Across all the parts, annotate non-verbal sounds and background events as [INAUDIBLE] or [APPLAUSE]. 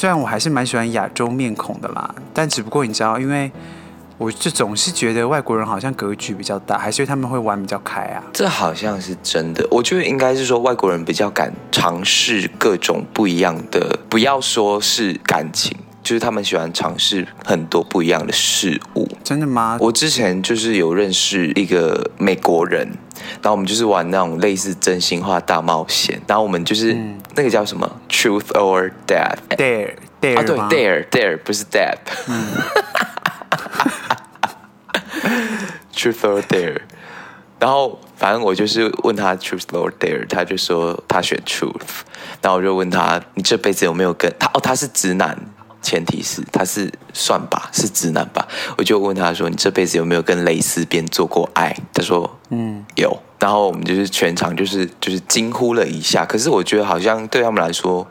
雖然我還是蠻喜歡亞洲面孔的啦，但只不過你知道，因為我就總是覺得外國人好像格局比較大，還是他們會玩比較開啊？這好像是真的，我覺得應該是說外國人比較敢嘗試各種不一樣的，不要說是感情。就是他們喜歡嘗試很多不一樣的事物，真的嗎？我之前就是有認識一個美國人，然後我們就是玩那種類似真心話大冒險，然後我們就是、嗯、那個叫什麼 “truth or dare”，dare 啊, dare 啊對 dare，dare 不是 death，truth or dare， [LAUGHS] 然後反正我就是問他 [LAUGHS] truth or dare，他就說他選 truth，然後我就問他你這輩子有沒有跟他？哦，他是直男。前提是他是算吧，是直男吧？我就問他說：“你這輩子有沒有跟蕾絲邊做過愛？”他說：“嗯，有。”然後我們就是全場就是就是驚呼了一下。可是我覺得好像對他們來說，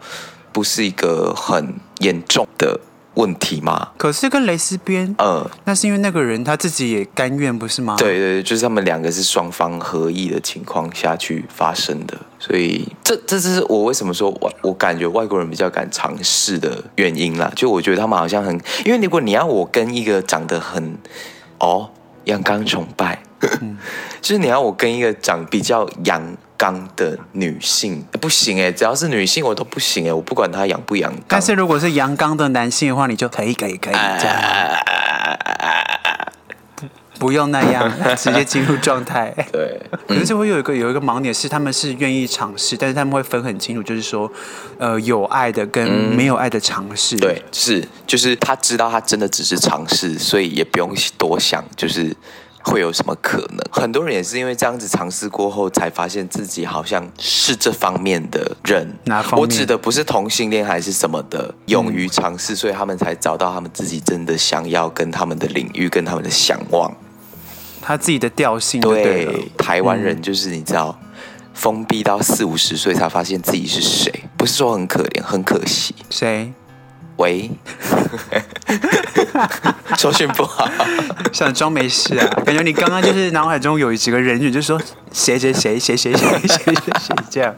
不是一個很嚴重的。問題嗎？可是跟蕾絲邊，呃、嗯，那是因為那個人他自己也甘願，不是嗎？對對對，就是他們兩個是雙方合意的情況下去發生的，所以這這，這是我為什麼說我我感覺外國人比較敢嘗試的原因啦。就我覺得他們好像很，因為如果你要我跟一個長得很，哦，陽剛崇拜，嗯、 [LAUGHS] 就是你要我跟一個長比較陽。剛的女性不行哎，只要是女性我都不行哎，我不管她陽不陽剛。但是如果是陽剛的男性的話，你就可以可以可以。不用那樣，直接進入狀態。對。可是我有一個有一個盲點是，他們是願意嘗試，但是他們會分很清楚，就是說，呃，有愛的跟沒有愛的嘗試。對，是，就是他知道他真的只是嘗試，所以也不用多想，就是。會有什麼可能？很多人也是因為這樣子嘗試過後，才發現自己好像是這方面的人。哪方面？我指的不是同性戀還是什麼的。勇於嘗試，嗯、所以他們才找到他們自己真的想要跟他們的領域跟他們的想望。他自己的調性就對。對，台灣人就是你知道，嗯、封閉到四五十歲才發現自己是誰，不是說很可憐，很可惜。誰？喂，手 [LAUGHS] 訊不好，想裝沒事啊？ [LAUGHS] 感覺你剛剛就是腦海中有幾個人物，你就說誰誰誰誰誰誰誰誰誰這樣，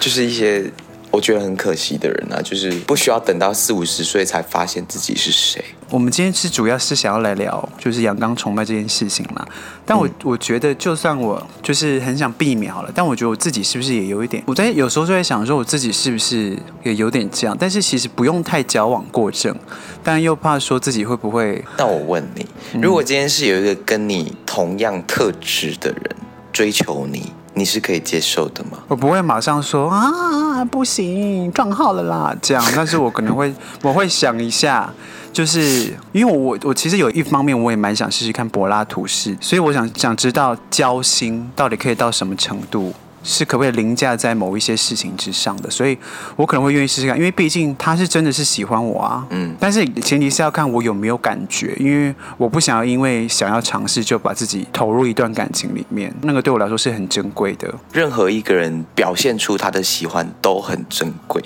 就是一些。我覺得很可惜的人啊，就是不需要等到四五十歲才發現自己是誰。我們今天是主要是想要來聊，就是陽剛崇拜這件事情嘛。但我、嗯、我覺得，就算我就是很想避免好了，但我覺得我自己是不是也有一點？我在有時候就在想說，我自己是不是也有點這樣？但是其實不用太矯枉過正，但又怕說自己會不會？那我問你，嗯、如果今天是有一個跟你同樣特質的人追求你？你是可以接受的嗎？我不會馬上說啊，不行，撞號了啦，這樣。但是我可能會， [LAUGHS] 我會想一下，就是因為我我其實有一方面，我也蠻想試試看柏拉圖式，所以我想想知道交心到底可以到什麼程度。是可不可以凌駕在某一些事情之上的，所以我可能會願意試試看，因為畢竟他是真的是喜歡我啊。嗯，但是前提是要看我有沒有感覺，因為我不想要因為想要嘗試就把自己投入一段感情裡面，那個對我來說是很珍貴的。任何一個人表現出他的喜歡都很珍貴，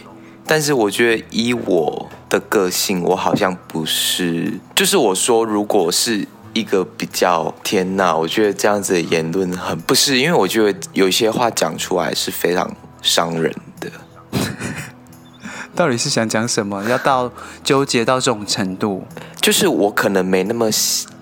但是我覺得以我的個性，我好像不是，就是我說，如果是。一個比較天哪，我覺得這樣子的言論很不是，因為我覺得有一些話講出來是非常傷人的。到底是想講什麼？要到糾結到這種程度？就是我可能沒那麼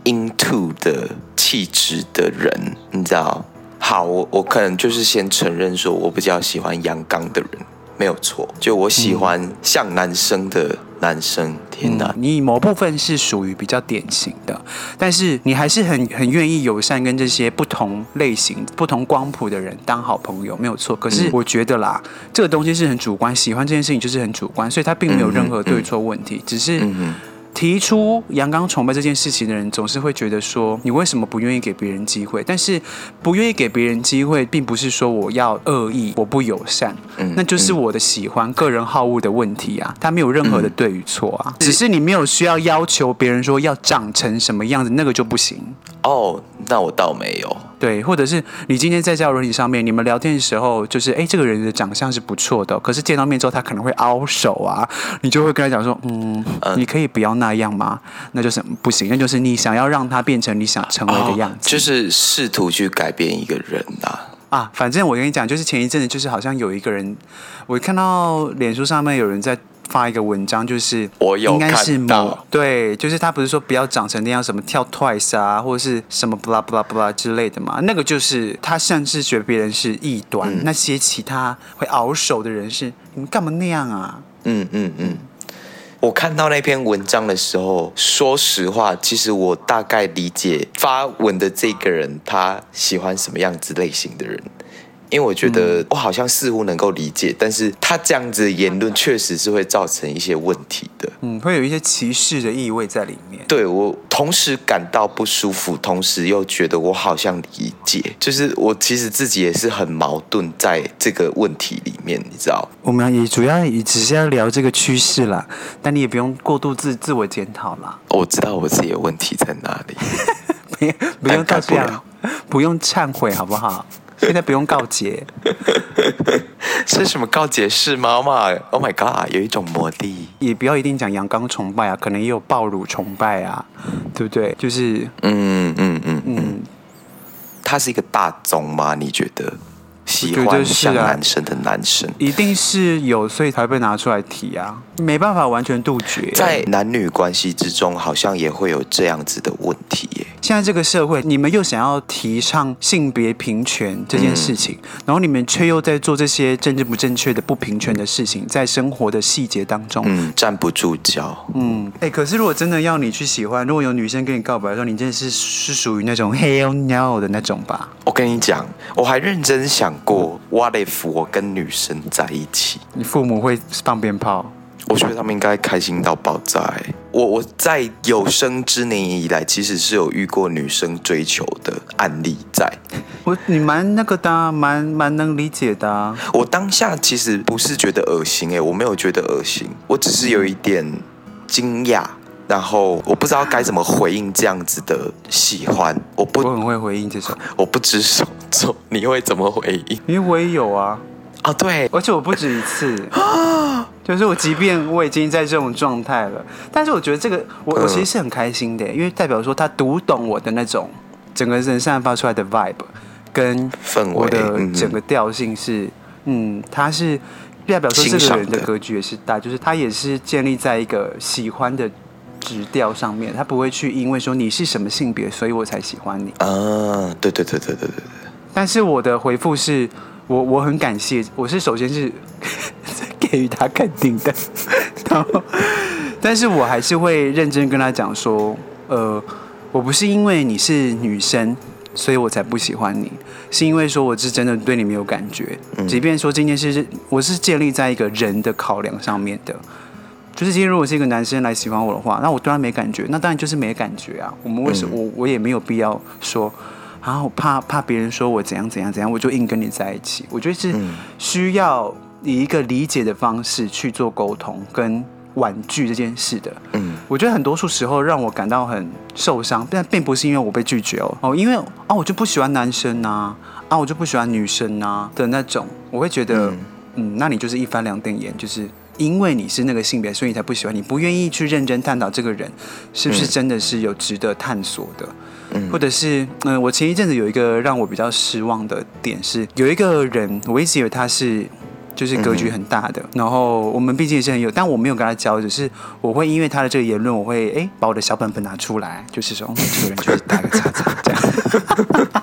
into 的氣質的人，你知道？好，我我可能就是先承認說，我比較喜歡陽剛的人，沒有錯。就我喜歡像男生的。男生，天吶、嗯，你某部分是屬於比較典型的，但是你還是很很願意友善跟這些不同類型、不同光譜的人當好朋友，沒有錯。可是我覺得啦，嗯、這個東西是很主觀，喜歡這件事情就是很主觀，所以他並沒有任何對錯問題，嗯嗯、只是。嗯提出陽剛崇拜這件事情的人，總是會覺得說，你為什麼不願意給別人機會？但是，不願意給別人機會，並不是說我要惡意，我不友善，嗯、那就是我的喜歡、嗯、個人好惡的問題啊。他沒有任何的對與錯啊，嗯、只是你沒有需要要求別人說要長成什麼樣子，那個就不行。哦，那我倒沒有。對，或者是你今天在交友軟體上面，你們聊天的時候，就是哎，這個人的長相是不錯的，可是見到面之後他可能會凹手啊，你就會跟他講說，嗯，嗯，你可以不要那樣嗎？那就是不行，那就是你想要讓他變成你想成為的樣子，哦、就是試圖去改變一個人吶、啊。啊，反正我跟你講，就是前一陣子，就是好像有一個人，我看到臉書上面有人在。發一個文章，就是我有看到應該是嗎，對，就是他不是說不要長成那樣，什麼跳 twice 啊，或者是什麼 blah blah blah 之類的嘛？那個就是他甚至覺得別人是異端，嗯、那些其他會熬手的人是你們幹嘛那樣啊？嗯嗯嗯。我看到那篇文章的時候，說實話，其實我大概理解發文的這個人他喜歡什麼樣子類型的人。因為我覺得我好像似乎能夠理解，嗯、但是他這樣子的言論確實是會造成一些問題的，嗯，會有一些歧視的意味在裡面。對，我同時感到不舒服，同時又覺得我好像理解，就是我其實自己也是很矛盾在這個問題裡面，你知道？我們也主要也只是要聊這個趨勢啦，但你也不用過度自自我檢討啦。我知道我自己問題在哪裡， [LAUGHS] 不用不用道歉，不,不用懺悔，好不好？現在不用告解， [LAUGHS] 是什麼告解式媽媽？Oh my god，有一種魔力，也不要一定講陽剛崇拜啊，可能也有暴露崇拜啊，對不對？就是，嗯嗯嗯嗯，嗯，他是一個大宗嗎？你覺得？喜歡像男生的男生，啊、一定是有，所以才會被拿出來提啊，沒辦法完全杜絕。在男女關係之中，好像也會有這樣子的問題耶。現在這個社會，你們又想要提倡性別平權這件事情，嗯、然後你們卻又在做這些政治不正確的不平權的事情，在生活的細節當中，嗯，站不住腳，嗯，哎、欸，可是如果真的要你去喜歡，如果有女生跟你告白的時候，你真的是是屬於那種 hell no 的那種吧？我跟你講，我還認真想。過 what if 我跟女生在一起？你父母會放鞭炮？我覺得他們應該開心到爆炸，欸。我我在有生之年以來，其實是有遇過女生追求的案例在。我你蠻那個的，啊，蠻蠻能理解的，啊。我當下其實不是覺得惡心哎，欸，我沒有覺得惡心，我只是有一點驚訝，然後我不知道該怎麼回應這樣子的喜歡。我不，我很會回應這種，我不知做，你會怎麼回應？因為我也有啊，啊對，而且我不止一次， [LAUGHS] 就是我即便我已經在這種狀態了，但是我覺得這個我、嗯、我其實是很開心的，因為代表說他讀懂我的那種整個人散發出來的 vibe 跟氛圍的整個調性是，嗯，嗯，他是代表說，這個人的格局也是大，就是他也是建立在一個喜歡的直調上面，他不會去因為說你是什麼性別，所以我才喜歡你啊，對對對對對對對。但是我的回覆是，我我很感謝，我是首先是給予他肯定的，然後，但是我還是會認真跟他講說，呃，我不是因為你是女生，所以我才不喜歡你，是因為說我是真的對你沒有感覺，嗯、即便說今天是我是建立在一個人的考量上面的，就是今天如果是一個男生來喜歡我的話，那我對他沒感覺，那當然就是沒感覺啊，我們為什麼我我也沒有必要說。然後怕怕別人說我怎樣怎樣怎樣，我就硬跟你在一起。我覺得是需要以一個理解的方式去做溝通跟婉拒這件事的。嗯，我覺得很多數時候讓我感到很受傷，但並不是因為我被拒絕哦，哦因為啊我就不喜歡男生吶啊，啊我就不喜歡女生吶，啊、的那種，我會覺得嗯，嗯，那你就是一翻兩瞪眼，就是因為你是那個性別，所以你才不喜歡，你不願意去認真探討這個人是不是真的是有值得探索的。嗯嗯或者是嗯、呃，我前一陣子有一個讓我比較失望的點是，有一個人我一直以為他是就是格局很大的，嗯、哼然後我們畢竟也是很有，但我沒有跟他交，只是我會因為他的這個言論，我會哎把我的小本本拿出來，就是說這個人就是打個叉叉 [LAUGHS] 這樣。 [LAUGHS]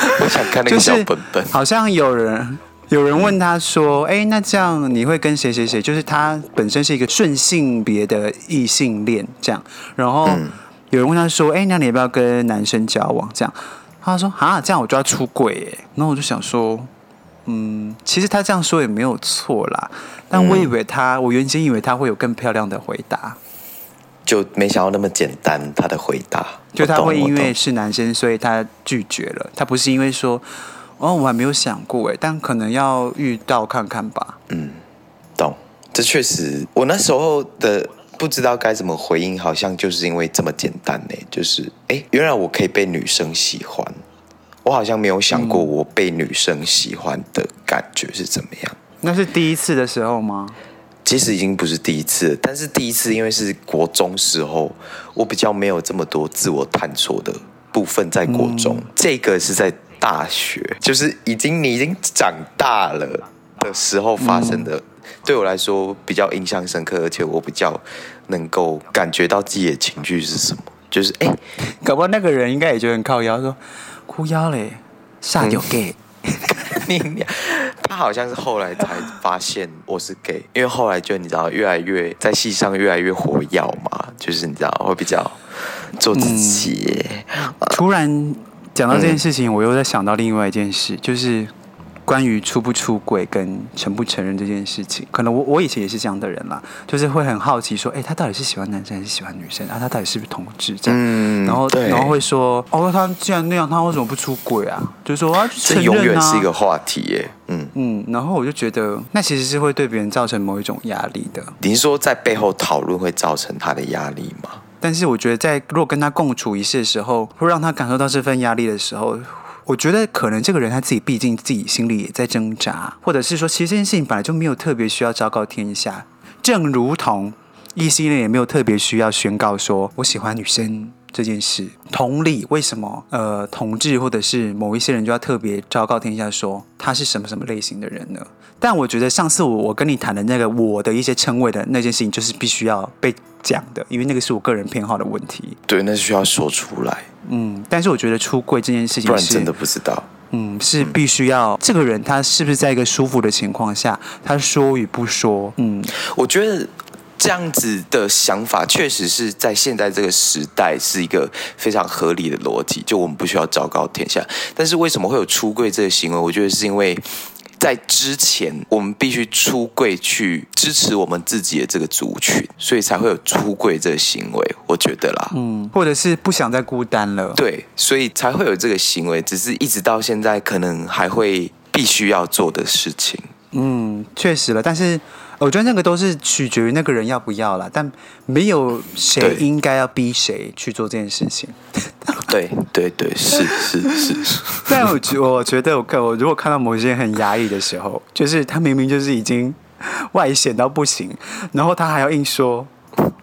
就是、我想看那個小本本。好像有人有人問他說，哎，那這樣你會跟誰誰誰？就是他本身是一個順性別的異性戀這樣，然後。嗯有人問他說：“哎，那你要不要跟男生交往？”這樣，他說：“啊，這樣我就要出軌哎。”那我就想說：“嗯，其實他這樣說也沒有錯啦。”但我以為他，嗯、我原先以為他會有更漂亮的回答，就沒想到那麼簡單。他的回答，就他會因為是男生，所以他拒絕了。他不是因為說：“哦，我還沒有想過哎，但可能要遇到看看吧。”嗯，懂。這確實，我那時候的、嗯。不知道該怎麼回應，好像就是因為這麼簡單呢、欸。就是，哎、欸，原來我可以被女生喜歡，我好像沒有想過我被女生喜歡的感覺是怎麼樣。嗯、那是第一次的時候嗎？其實已經不是第一次了，但是第一次因為是國中時候，我比較沒有這麼多自我探索的部分。在國中，嗯、這個是在大學，就是已經你已經長大了的時候發生的、嗯。對我來說比較印象深刻，而且我比較能夠感覺到自己的情緒是什麼。就是哎，欸、搞不好那個人應該也覺得很靠腰，說哭腰嘞，上有 gay。他好像是後來才發現我是 gay，因為後來就你知道，越來越在戲上越來越火藥嘛，就是你知道會比較做自己、嗯。突然講到這件事情，嗯、我又在想到另外一件事，就是。關於出不出軌跟承不承認這件事情，可能我我以前也是這樣的人啦，就是會很好奇說，哎、欸，他到底是喜歡男生還是喜歡女生啊？他到底是不是同志這樣？嗯、然後對然後會說，哦，他既然那樣，他為什麼不出軌啊？就是、說、啊、這、承認啊、永遠是一個話題耶。嗯嗯。然後我就覺得，那其實是會對別人造成某一種壓力的。你是說在背後討論會造成他的壓力嗎？但是我覺得，在如果跟他共處一室的時候，會讓他感受到這份壓力的時候。我覺得可能這個人他自己畢竟自己心裡也在掙扎，或者是說，其實這件事情本來就沒有特別需要昭告天下。正如同異性戀呢，也沒有特別需要宣告說我喜歡女生。這件事同理，為什麼呃同志或者是某一些人就要特別昭告天下說他是什麼什麼類型的人呢？但我覺得上次我我跟你談的那個我的一些稱謂的那件事情，就是必須要被講的，因為那個是我個人偏好的問題。對，那是需要說出來。嗯，但是我覺得出櫃這件事情是不然真的不知道。嗯，是必須要、嗯、這個人他是不是在一個舒服的情況下，他說與不說。嗯，我覺得。這樣子的想法確實是在現在這個時代是一個非常合理的邏輯，就我們不需要昭告天下。但是為什麼會有出櫃這個行為？我覺得是因為在之前我們必須出櫃去支持我們自己的這個族群，所以才會有出櫃這個行為。我覺得啦，嗯，或者是不想再孤單了，對，所以才會有這個行為。只是一直到現在，可能還會必須要做的事情。嗯，確實了，但是。我覺得那個都是取決於那個人要不要了，但沒有誰應該要逼誰去做這件事情。對對對，是是是。是但我覺我覺得我看我如果看到某些很壓抑的時候，就是他明明就是已經外顯到不行，然後他還要硬說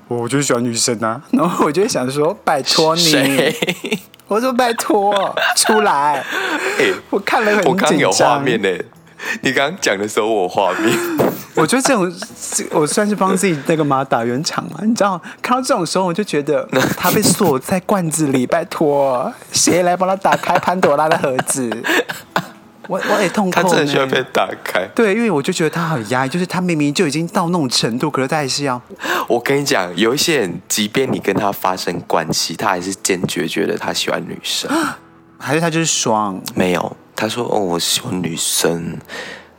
我就喜歡女生啊，然後我就想說拜託你，誰我說拜託出來。欸、我看了很緊張。我看有畫面、欸、你剛剛講的時候我畫面。我覺得這種，我算是幫自己那個打原嘛打圓場了。你知道，看到這種時候，我就覺得他被鎖在罐子裡，拜託，誰來幫他打開潘多拉的盒子？啊、我我也痛苦。他真的喜歡被打開。對，因為我就覺得他很壓抑，就是他明明就已經到那種程度，可是他還是要。我跟你講，有一些人，即便你跟他發生關係，他還是堅決覺得他喜歡女生，還是他就是爽？沒有，他說：“哦，我喜歡女生，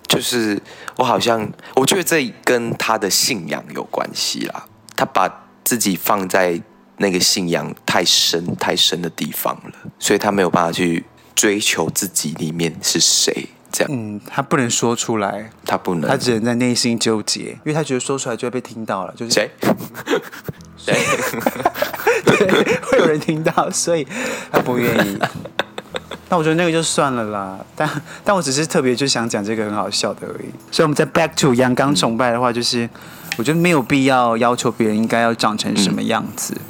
就是。”我好像，我覺得這跟他的信仰有關係啦。他把自己放在那個信仰太深、太深的地方了，所以他沒有辦法去追求自己裡面是誰這樣。嗯，他不能說出來，他不能，他只能在內心糾結，因為他覺得說出來就會被聽到了，就是誰誰，對，會有人聽到，所以他不願意。 [LAUGHS] 那我覺得那個就算了啦，但但我只是特別就想講這個很好笑的而已。所以我們再 back to 陽剛崇拜的話，嗯、就是我覺得沒有必要要求別人應該要長成什麼樣子。嗯、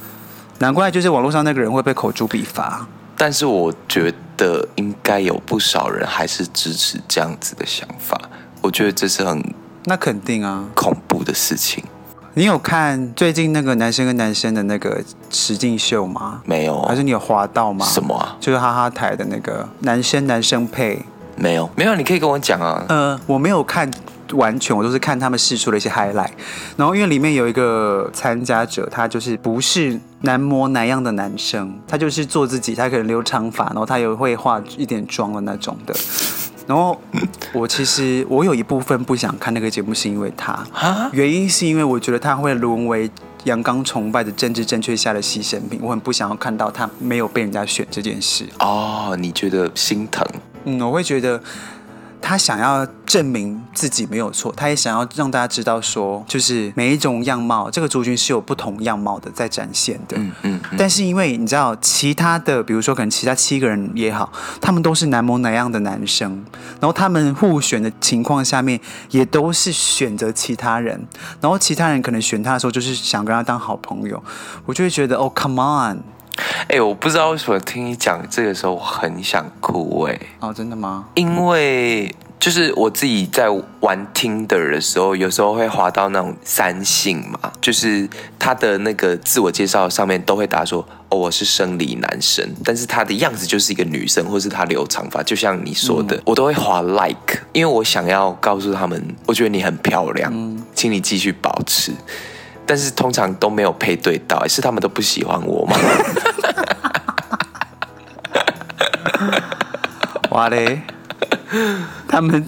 難怪就是網絡上那個人會被口誅筆伐。但是我覺得應該有不少人還是支持這樣子的想法。我覺得這是很那肯定啊恐怖的事情。你有看最近那個男生跟男生的那個實境秀嗎？沒有，還是你有滑到嗎？什麼、啊？就是哈哈台的那個男生男生配？沒有，沒有，你可以跟我講啊。呃，我沒有看完全，我都是看他們釋出了一些 highlight。然後因為裡面有一個參加者，他就是不是男模男樣的男生，他就是做自己，他可能留長髮，然後他有會化一點妝的那種的。然後我其實我有一部分不想看那個節目，是因為他，蛤？原因是因為我覺得他會淪為陽剛崇拜的政治正確下的犧牲品，我很不想要看到他沒有被人家選這件事。哦，你覺得心疼？嗯，我會覺得他想要。證明自己沒有錯，他也想要讓大家知道說，說就是每一種樣貌，這個族群是有不同樣貌的在展現的。嗯嗯。嗯嗯，但是因為你知道，其他的比如說可能其他七個人也好，他們都是男模哪樣的男生，然後他們互選的情況下面，也都是選擇其他人，然後其他人可能選他的時候，就是想跟他當好朋友，我就會覺得哦，Come on，哎、欸，我不知道為什麼聽你講這個時候我很想哭、欸，哎。哦，真的嗎？因為。嗯就是我自己在玩 Tinder 的時候，有時候會滑到那種三性嘛，就是他的那個自我介紹上面都會答說：“哦，我是生理男生。”但是他的樣子就是一個女生，或是他留長髮，就像你說的，嗯、我都會滑 like，因為我想要告訴他們，我覺得你很漂亮，嗯、請你繼續保持。但是通常都沒有配對到，是他們都不喜歡我嗎？ [LAUGHS] 哇嘞！他們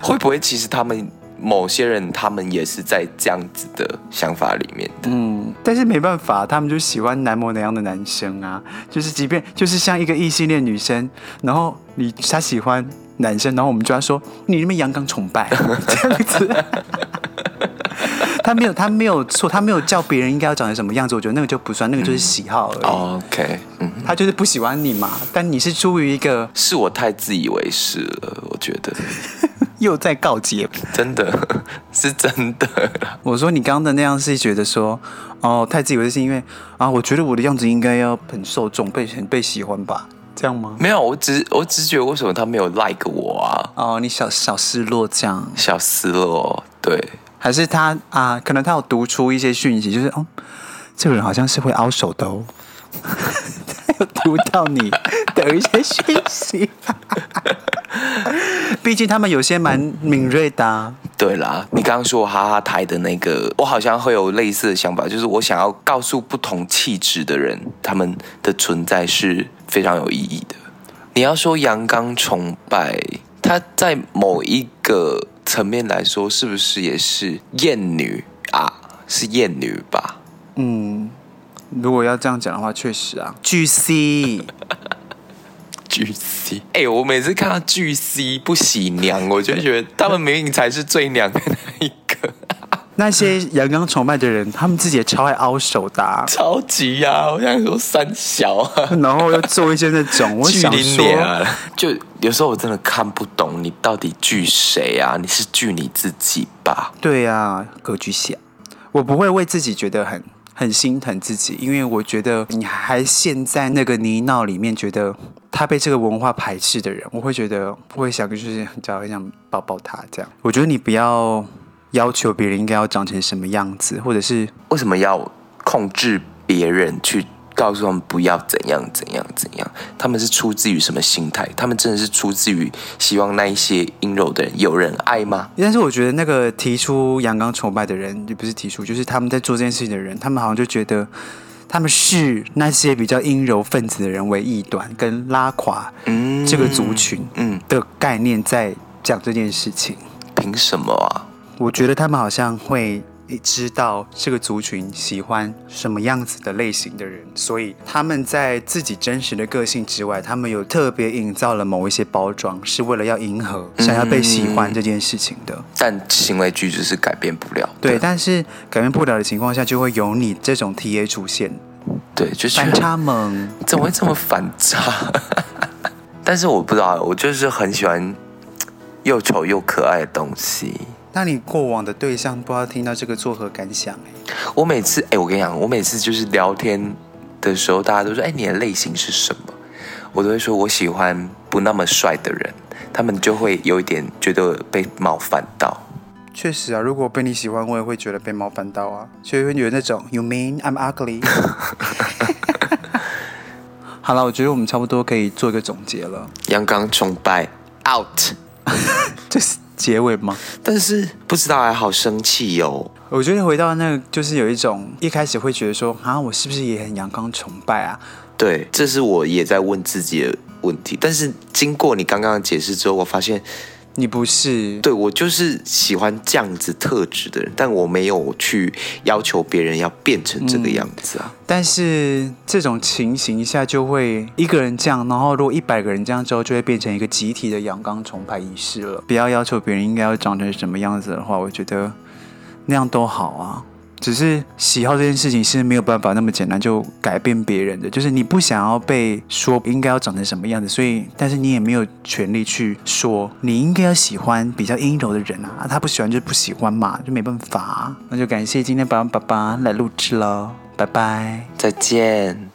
會，會不會？其實他們某些人，他們也是在這樣子的想法裡面的。嗯，但是沒辦法，他們就喜歡男模那樣的男生啊。就是即便就是像一個異性戀女生，然後你他喜歡男生，然後我們就要說你那麼陽剛崇拜，啊，這樣子。 [LAUGHS] 他沒有，他沒有錯，他沒有叫別人應該要長成什麼樣子，我覺得那個就不算，那個就是喜好而已。嗯、哦、OK、嗯、他就是不喜歡你嘛，但你是出於一個……是我太自以為是了，我覺得 [LAUGHS] 又在告誡，真的是真的。我說你剛剛的那樣是覺得說，哦，太自以為是因為啊，我覺得我的樣子應該要很受眾，被很被喜歡吧，這樣嗎？沒有，我只我只覺得為什麼他沒有 like 我啊？哦，你小小失落這樣，小失落對。還是他啊？可能他有讀出一些訊息，就是哦，這個人好像是會凹手的哦。 [LAUGHS] 他有讀到你的 [LAUGHS] 一些訊息， [LAUGHS] 畢竟他們有些蠻敏銳的、啊嗯。對啦，你剛剛說哈哈台的那個，我好像會有類似的想法，就是我想要告訴不同氣質的人，他們的存在是非常有意義的。你要說陽剛崇拜，他在某一個層面來說，是不是也是厭女啊？是厭女吧？嗯，如果要這樣講的話，確實啊。巨 c，巨 [LAUGHS] c，哎、欸，我每次看到巨 c 不喜娘，我就覺得他們明明才是最娘的那一個。 [LAUGHS] 那些陽剛崇拜的人， [LAUGHS] 他們自己也超愛凹手的，啊，超級呀，啊！我想說三小，啊，然後又做一些那種距離感， [LAUGHS] 我想就有時候我真的看不懂你到底拒誰啊？你是拒你自己吧？對呀，啊，格局小，啊，我不會為自己覺得很很心疼自己，因為我覺得你還陷在那個泥淖裡面，覺得他被這個文化排斥的人，我會覺得不會想就是很早很想抱抱他這樣。我覺得你不要。要求別人應該要長成什麼樣子，或者是為什麼要控制別人去告訴他們不要怎樣怎樣怎樣？他們是出自於什麼心態？他們真的是出自於希望那一些陰柔的人有人愛嗎？但是我覺得那個提出陽剛崇拜的人，就不是提出，就是他們在做這件事情的人，他們好像就覺得他們視那些比較陰柔分子的人為異端跟拉垮，嗯，這個族群，嗯，的概念在講這件事情，嗯嗯、憑什麼啊？我覺得他們好像會知道這個族群喜歡什麼樣子的類型的人，所以他們在自己真實的個性之外，他們有特別營造了某一些包裝，是為了要迎合想要被喜歡這件事情的。嗯、但行為舉止是改變不了。對，對，但是改變不了的情況下，就會有你這種 TA 出現。對，就是反差萌。怎麼會這麼反差？嗯、 [LAUGHS] 但是我不知道，我就是很喜歡又醜又可愛的東西。那你過往的對象不知道聽到這個作何感想、欸？哎，我每次哎、欸，我跟你講，我每次就是聊天的時候，大家都說，哎、欸，你的類型是什麼？我都會說，我喜歡不那麼帥的人，他們就會有一點覺得被冒犯到。確實啊，如果被你喜歡，我也會覺得被冒犯到啊，所以會覺得那種，You mean I'm ugly？ [LAUGHS] 好了，我覺得我們差不多可以做一個總結了，陽剛崇拜 out， [LAUGHS] 就是。結尾嗎？但是不知道還好生氣喲、哦。我覺得回到那個，就是有一種一開始會覺得說啊，我是不是也很陽剛崇拜啊？對，這是我也在問自己的問題。但是經過你剛剛的解釋之後，我發現。你不是對，我就是喜歡這樣子特質的人，但我沒有去要求別人要變成這個樣子啊。嗯，但是這種情形一下就會一個人這樣，然後如果一百個人這樣之後，就會變成一個集體的陽剛重拜、崇拜儀式了。不要要求別人應該要長成什麼樣子的話，我覺得那樣都好啊。只是喜好這件事情是沒有辦法那麼簡單就改變別人的，就是你不想要被說應該要長成什麼樣子，所以但是你也沒有權利去說你應該要喜歡比較陰柔的人啊，他不喜歡就是不喜歡嘛，就沒辦法啊。那就感謝今天八萬把拔來錄制嘍，拜拜，再見。